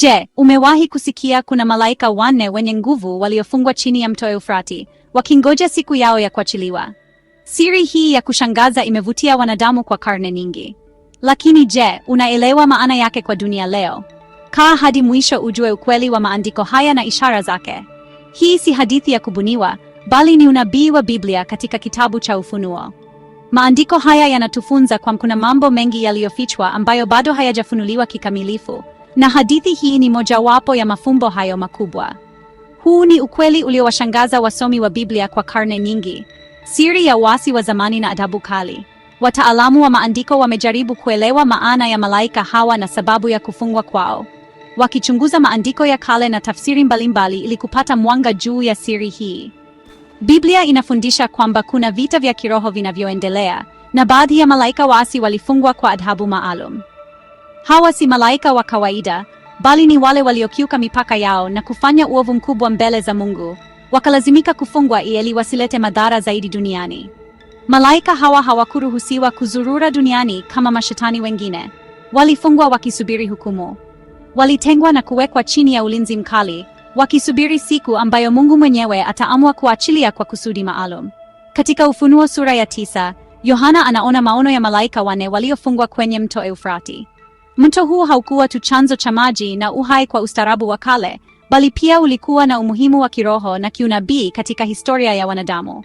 Je, umewahi kusikia kuna malaika wanne wenye nguvu waliofungwa chini ya mto Eufrati wakingoja siku yao ya kuachiliwa? Siri hii ya kushangaza imevutia wanadamu kwa karne nyingi, lakini je, unaelewa maana yake kwa dunia leo? Kaa hadi mwisho ujue ukweli wa maandiko haya na ishara zake. Hii si hadithi ya kubuniwa, bali ni unabii wa Biblia katika kitabu cha Ufunuo. Maandiko haya yanatufunza kwamba kuna mambo mengi yaliyofichwa ambayo bado hayajafunuliwa kikamilifu na hadithi hii ni mojawapo ya mafumbo hayo makubwa. Huu ni ukweli uliowashangaza wasomi wa Biblia kwa karne nyingi. Siri ya wasi wa zamani na adabu kali. Wataalamu wa maandiko wamejaribu kuelewa maana ya malaika hawa na sababu ya kufungwa kwao, wakichunguza maandiko ya kale na tafsiri mbalimbali ili kupata mwanga juu ya siri hii. Biblia inafundisha kwamba kuna vita vya kiroho vinavyoendelea na baadhi ya malaika waasi walifungwa kwa adhabu maalum. Hawa si malaika wa kawaida, bali ni wale waliokiuka mipaka yao na kufanya uovu mkubwa mbele za Mungu, wakalazimika kufungwa ili wasilete madhara zaidi duniani. Malaika hawa hawakuruhusiwa kuzurura duniani kama mashetani wengine. Walifungwa wakisubiri hukumu. Walitengwa na kuwekwa chini ya ulinzi mkali, wakisubiri siku ambayo Mungu mwenyewe ataamua kuachilia kwa kusudi maalum. Katika Ufunuo sura ya tisa, Yohana anaona maono ya malaika wane waliofungwa kwenye mto Eufrati. Mto huu haukuwa tu chanzo cha maji na uhai kwa ustaarabu wa kale, bali pia ulikuwa na umuhimu wa kiroho na kiunabii katika historia ya wanadamu.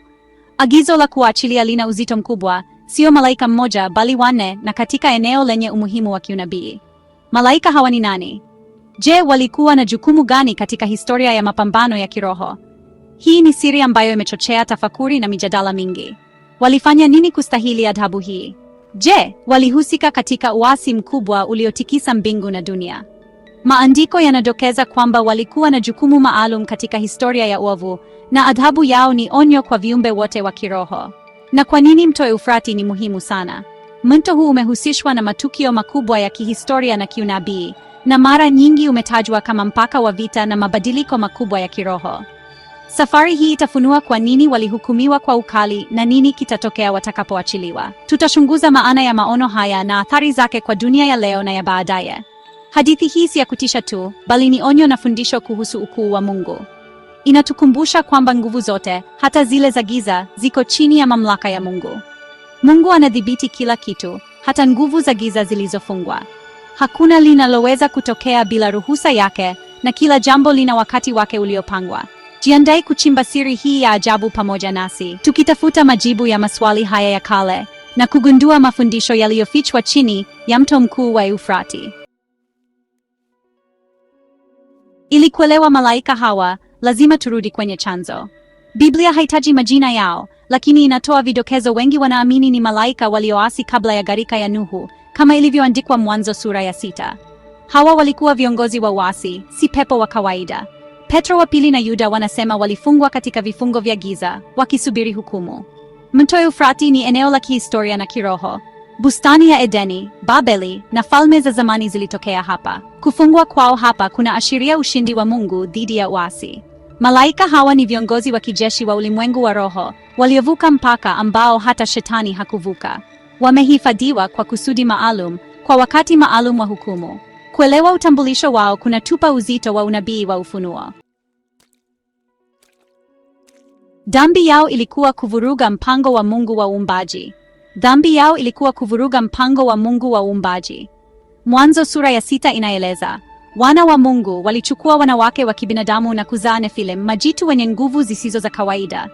Agizo la kuachilia lina uzito mkubwa, sio malaika mmoja bali wanne, na katika eneo lenye umuhimu wa kiunabii. Malaika hawa ni nani? Je, walikuwa na jukumu gani katika historia ya mapambano ya kiroho? Hii ni siri ambayo imechochea tafakuri na mijadala mingi. Walifanya nini kustahili adhabu hii? Je, walihusika katika uasi mkubwa uliotikisa mbingu na dunia? Maandiko yanadokeza kwamba walikuwa na jukumu maalum katika historia ya uovu na adhabu yao ni onyo kwa viumbe wote wa kiroho. Na kwa nini mto Eufrati ni muhimu sana? Mto huu umehusishwa na matukio makubwa ya kihistoria na kiunabii na mara nyingi umetajwa kama mpaka wa vita na mabadiliko makubwa ya kiroho. Safari hii itafunua kwa nini walihukumiwa kwa ukali na nini kitatokea watakapoachiliwa. Tutachunguza maana ya maono haya na athari zake kwa dunia ya leo na ya baadaye. Hadithi hii si ya kutisha tu, bali ni onyo na fundisho kuhusu ukuu wa Mungu. Inatukumbusha kwamba nguvu zote, hata zile za giza, ziko chini ya mamlaka ya Mungu. Mungu anadhibiti kila kitu, hata nguvu za giza zilizofungwa. Hakuna linaloweza kutokea bila ruhusa yake, na kila jambo lina wakati wake uliopangwa. Jiandae kuchimba siri hii ya ajabu pamoja nasi, tukitafuta majibu ya maswali haya ya kale na kugundua mafundisho yaliyofichwa chini ya mto mkuu wa Eufrati. Ili kuelewa malaika hawa, lazima turudi kwenye chanzo. Biblia haitaji majina yao, lakini inatoa vidokezo. Wengi wanaamini ni malaika walioasi kabla ya gharika ya Nuhu, kama ilivyoandikwa Mwanzo sura ya sita. Hawa walikuwa viongozi wa uasi, si pepo wa kawaida. Petro wa pili na Yuda wanasema walifungwa katika vifungo vya giza wakisubiri hukumu. Mto Eufrati ni eneo la kihistoria na kiroho. Bustani ya Edeni, Babeli na falme za zamani zilitokea hapa. Kufungwa kwao hapa kuna ashiria ushindi wa Mungu dhidi ya uasi. Malaika hawa ni viongozi wa kijeshi wa ulimwengu wa roho waliovuka mpaka ambao hata shetani hakuvuka. Wamehifadhiwa kwa kusudi maalum kwa wakati maalum wa hukumu. Kuelewa utambulisho wao kunatupa uzito wa unabii wa ufunuo. Dhambi yao ilikuwa kuvuruga mpango wa Mungu wa uumbaji. Dhambi yao ilikuwa kuvuruga mpango wa Mungu wa uumbaji. Mwanzo sura ya sita inaeleza, wana wa Mungu walichukua wanawake wa kibinadamu na kuzaa Nephilim, majitu wenye nguvu zisizo za kawaida.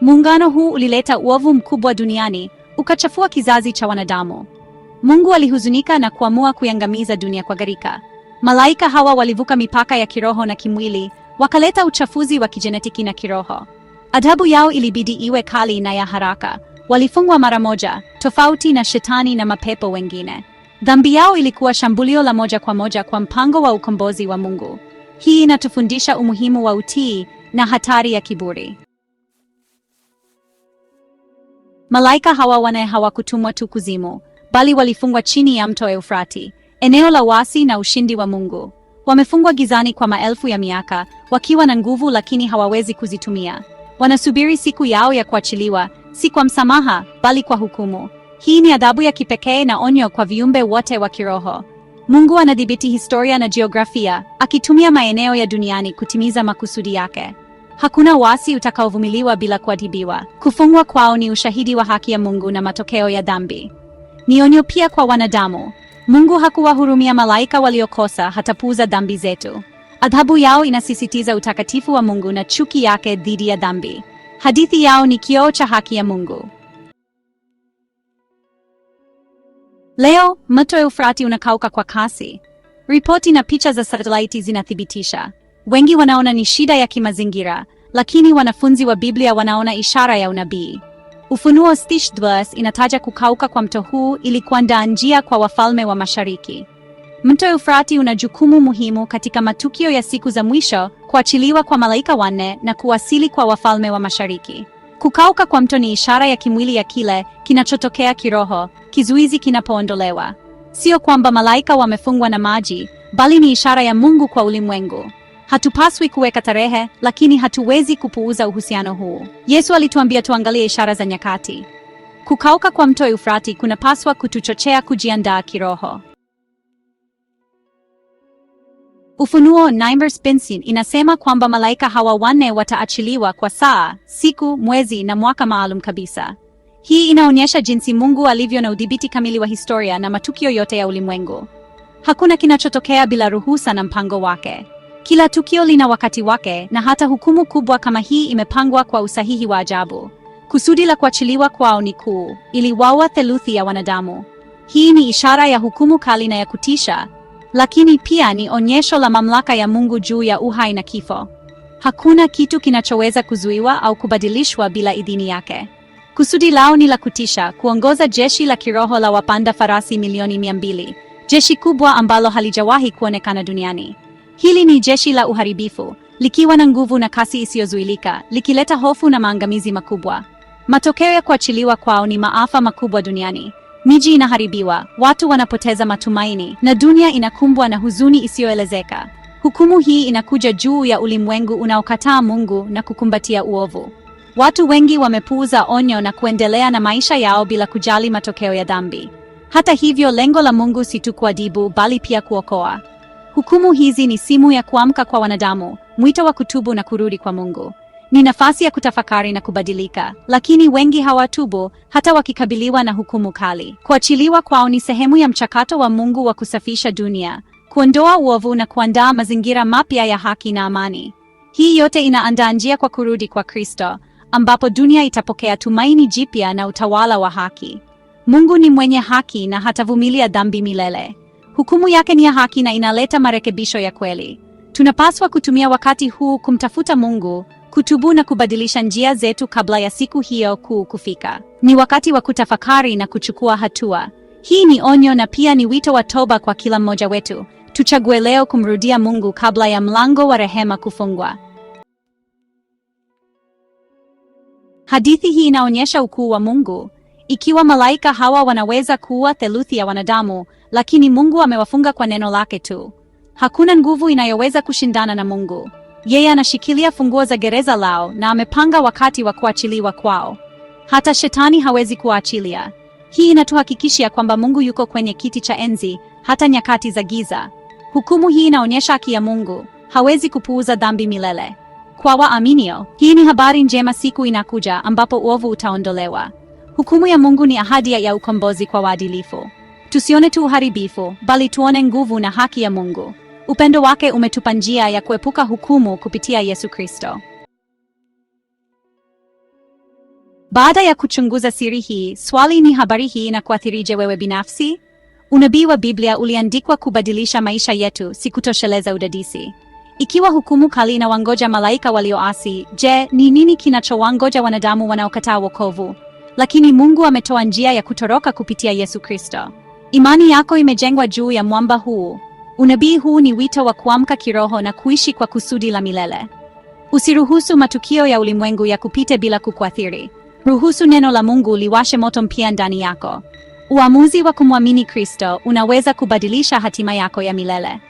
Muungano huu ulileta uovu mkubwa duniani, ukachafua kizazi cha wanadamu. Mungu alihuzunika na kuamua kuiangamiza dunia kwa gharika. Malaika hawa walivuka mipaka ya kiroho na kimwili, wakaleta uchafuzi wa kijenetiki na kiroho. Adhabu yao ilibidi iwe kali na ya haraka. Walifungwa mara moja, tofauti na shetani na mapepo wengine. Dhambi yao ilikuwa shambulio la moja kwa moja kwa mpango wa ukombozi wa Mungu. Hii inatufundisha umuhimu wa utii na hatari ya kiburi. Malaika hawa wane hawakutumwa tu kuzimu, bali walifungwa chini ya mto Eufrati, eneo la wasi na ushindi wa Mungu. Wamefungwa gizani kwa maelfu ya miaka, wakiwa na nguvu lakini hawawezi kuzitumia. Wanasubiri siku yao ya kuachiliwa, si kwa msamaha, bali kwa hukumu. Hii ni adhabu ya kipekee na onyo kwa viumbe wote wa kiroho. Mungu anadhibiti historia na jiografia, akitumia maeneo ya duniani kutimiza makusudi yake. Hakuna wasi utakaovumiliwa bila kuadhibiwa. Kufungwa kwao ni ushahidi wa haki ya Mungu na matokeo ya dhambi. Ni onyo pia kwa wanadamu. Mungu hakuwahurumia malaika waliokosa, hatapuuza dhambi zetu. Adhabu yao inasisitiza utakatifu wa Mungu na chuki yake dhidi ya dhambi. Hadithi yao ni kioo cha haki ya Mungu. Leo mto Eufrati unakauka kwa kasi. Ripoti na picha za satelaiti zinathibitisha. Wengi wanaona ni shida ya kimazingira, lakini wanafunzi wa Biblia wanaona ishara ya unabii. Ufunuo inataja kukauka kwa mto huu ili kuandaa njia kwa wafalme wa Mashariki. Mto eufrati una jukumu muhimu katika matukio ya siku za mwisho, kuachiliwa kwa malaika wanne na kuwasili kwa wafalme wa Mashariki. Kukauka kwa mto ni ishara ya kimwili ya kile kinachotokea kiroho, kizuizi kinapoondolewa. Sio kwamba malaika wamefungwa na maji, bali ni ishara ya Mungu kwa ulimwengu. Hatupaswi kuweka tarehe, lakini hatuwezi kupuuza uhusiano huu. Yesu alituambia tuangalie ishara za nyakati. Kukauka kwa mto eufrati kunapaswa kutuchochea kujiandaa kiroho. Ufunuo 9:15 inasema kwamba malaika hawa wanne wataachiliwa kwa saa, siku, mwezi na mwaka maalum kabisa. Hii inaonyesha jinsi Mungu alivyo na udhibiti kamili wa historia na matukio yote ya ulimwengu. Hakuna kinachotokea bila ruhusa na mpango wake. Kila tukio lina wakati wake, na hata hukumu kubwa kama hii imepangwa kwa usahihi wa ajabu. Kusudi la kuachiliwa kwao ni kuu, ili wawa theluthi ya wanadamu. Hii ni ishara ya hukumu kali na ya kutisha lakini pia ni onyesho la mamlaka ya Mungu juu ya uhai na kifo. Hakuna kitu kinachoweza kuzuiwa au kubadilishwa bila idhini yake. Kusudi lao ni la kutisha, kuongoza jeshi la kiroho la wapanda farasi milioni mia mbili, jeshi kubwa ambalo halijawahi kuonekana duniani. Hili ni jeshi la uharibifu, likiwa na nguvu na kasi isiyozuilika, likileta hofu na maangamizi makubwa. Matokeo ya kuachiliwa kwao ni maafa makubwa duniani. Miji inaharibiwa, watu wanapoteza matumaini, na dunia inakumbwa na huzuni isiyoelezeka. Hukumu hii inakuja juu ya ulimwengu unaokataa Mungu na kukumbatia uovu. Watu wengi wamepuuza onyo na kuendelea na maisha yao bila kujali matokeo ya dhambi. Hata hivyo, lengo la Mungu si tu kuadibu, bali pia kuokoa. Hukumu hizi ni simu ya kuamka kwa wanadamu, mwito wa kutubu na kurudi kwa Mungu. Ni nafasi ya kutafakari na kubadilika, lakini wengi hawatubu hata wakikabiliwa na hukumu kali. Kuachiliwa kwao ni sehemu ya mchakato wa Mungu wa kusafisha dunia, kuondoa uovu na kuandaa mazingira mapya ya haki na amani. Hii yote inaandaa njia kwa kurudi kwa Kristo, ambapo dunia itapokea tumaini jipya na utawala wa haki. Mungu ni mwenye haki na hatavumilia dhambi milele. Hukumu yake ni ya haki na inaleta marekebisho ya kweli. Tunapaswa kutumia wakati huu kumtafuta Mungu kutubu na kubadilisha njia zetu kabla ya siku hiyo kuu kufika. Ni wakati wa kutafakari na kuchukua hatua. Hii ni onyo na pia ni wito wa toba kwa kila mmoja wetu. Tuchague leo kumrudia Mungu kabla ya mlango wa rehema kufungwa. Hadithi hii inaonyesha ukuu wa Mungu. Ikiwa malaika hawa wanaweza kuua theluthi ya wanadamu, lakini Mungu amewafunga kwa neno lake tu. Hakuna nguvu inayoweza kushindana na Mungu. Yeye anashikilia funguo za gereza lao na amepanga wakati wa kuachiliwa kwao. Hata shetani hawezi kuachilia Hii inatuhakikishia kwamba Mungu yuko kwenye kiti cha enzi hata nyakati za giza. Hukumu hii inaonyesha haki ya Mungu, hawezi kupuuza dhambi milele. Kwa waaminio, hii ni habari njema. Siku inakuja ambapo uovu utaondolewa. Hukumu ya Mungu ni ahadi ya ukombozi kwa waadilifu. Tusione tu uharibifu, bali tuone nguvu na haki ya Mungu. Upendo wake umetupa njia ya kuepuka hukumu kupitia Yesu Kristo. Baada ya kuchunguza siri hii, swali ni habari hii na kuathirije wewe binafsi? Unabii wa Biblia uliandikwa kubadilisha maisha yetu, si kutosheleza udadisi. Ikiwa hukumu kali inawangoja malaika walioasi, je, ni nini kinachowangoja wanadamu wanaokataa wokovu? Lakini Mungu ametoa njia ya kutoroka kupitia Yesu Kristo. Imani yako imejengwa juu ya mwamba huu. Unabii huu ni wito wa kuamka kiroho na kuishi kwa kusudi la milele. Usiruhusu matukio ya ulimwengu ya kupite bila kukuathiri. Ruhusu neno la Mungu liwashe moto mpya ndani yako. Uamuzi wa kumwamini Kristo unaweza kubadilisha hatima yako ya milele.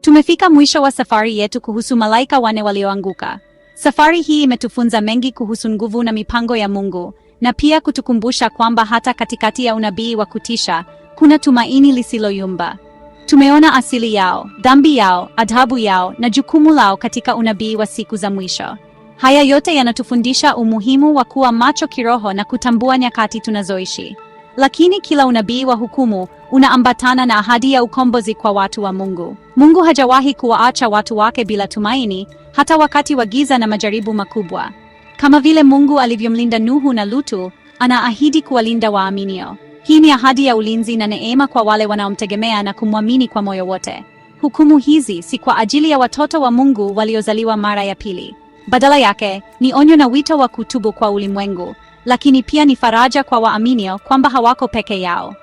Tumefika mwisho wa safari yetu kuhusu malaika wane walioanguka. Safari hii imetufunza mengi kuhusu nguvu na mipango ya Mungu na pia kutukumbusha kwamba hata katikati ya unabii wa kutisha hakuna tumaini lisiloyumba. Tumeona asili yao, dhambi yao, adhabu yao na jukumu lao katika unabii wa siku za mwisho. Haya yote yanatufundisha umuhimu wa kuwa macho kiroho na kutambua nyakati tunazoishi. Lakini kila unabii wa hukumu unaambatana na ahadi ya ukombozi kwa watu wa Mungu. Mungu hajawahi kuwaacha watu wake bila tumaini, hata wakati wa giza na majaribu makubwa. Kama vile Mungu alivyomlinda Nuhu na Lutu, anaahidi kuwalinda waaminio. Hii ni ahadi ya ulinzi na neema kwa wale wanaomtegemea na kumwamini kwa moyo wote. Hukumu hizi si kwa ajili ya watoto wa Mungu waliozaliwa mara ya pili. Badala yake ni onyo na wito wa kutubu kwa ulimwengu, lakini pia ni faraja kwa waaminio kwamba hawako peke yao.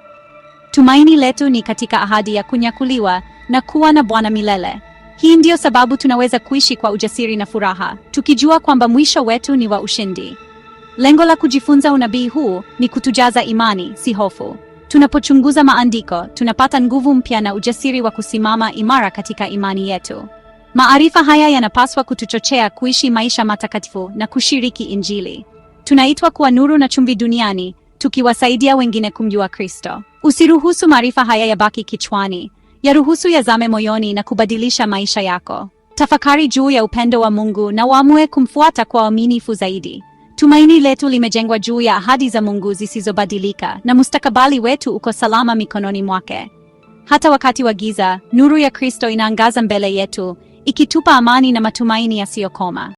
Tumaini letu ni katika ahadi ya kunyakuliwa na kuwa na Bwana milele. Hii ndiyo sababu tunaweza kuishi kwa ujasiri na furaha, tukijua kwamba mwisho wetu ni wa ushindi. Lengo la kujifunza unabii huu ni kutujaza imani, si hofu. Tunapochunguza maandiko, tunapata nguvu mpya na ujasiri wa kusimama imara katika imani yetu. Maarifa haya yanapaswa kutuchochea kuishi maisha matakatifu na kushiriki Injili. Tunaitwa kuwa nuru na chumvi duniani, tukiwasaidia wengine kumjua Kristo. Usiruhusu maarifa haya yabaki kichwani, yaruhusu yazame moyoni na kubadilisha maisha yako. Tafakari juu ya upendo wa Mungu na waamue kumfuata kwa uaminifu zaidi. Tumaini letu limejengwa juu ya ahadi za Mungu zisizobadilika na mustakabali wetu uko salama mikononi mwake. Hata wakati wa giza, nuru ya Kristo inaangaza mbele yetu, ikitupa amani na matumaini yasiyokoma.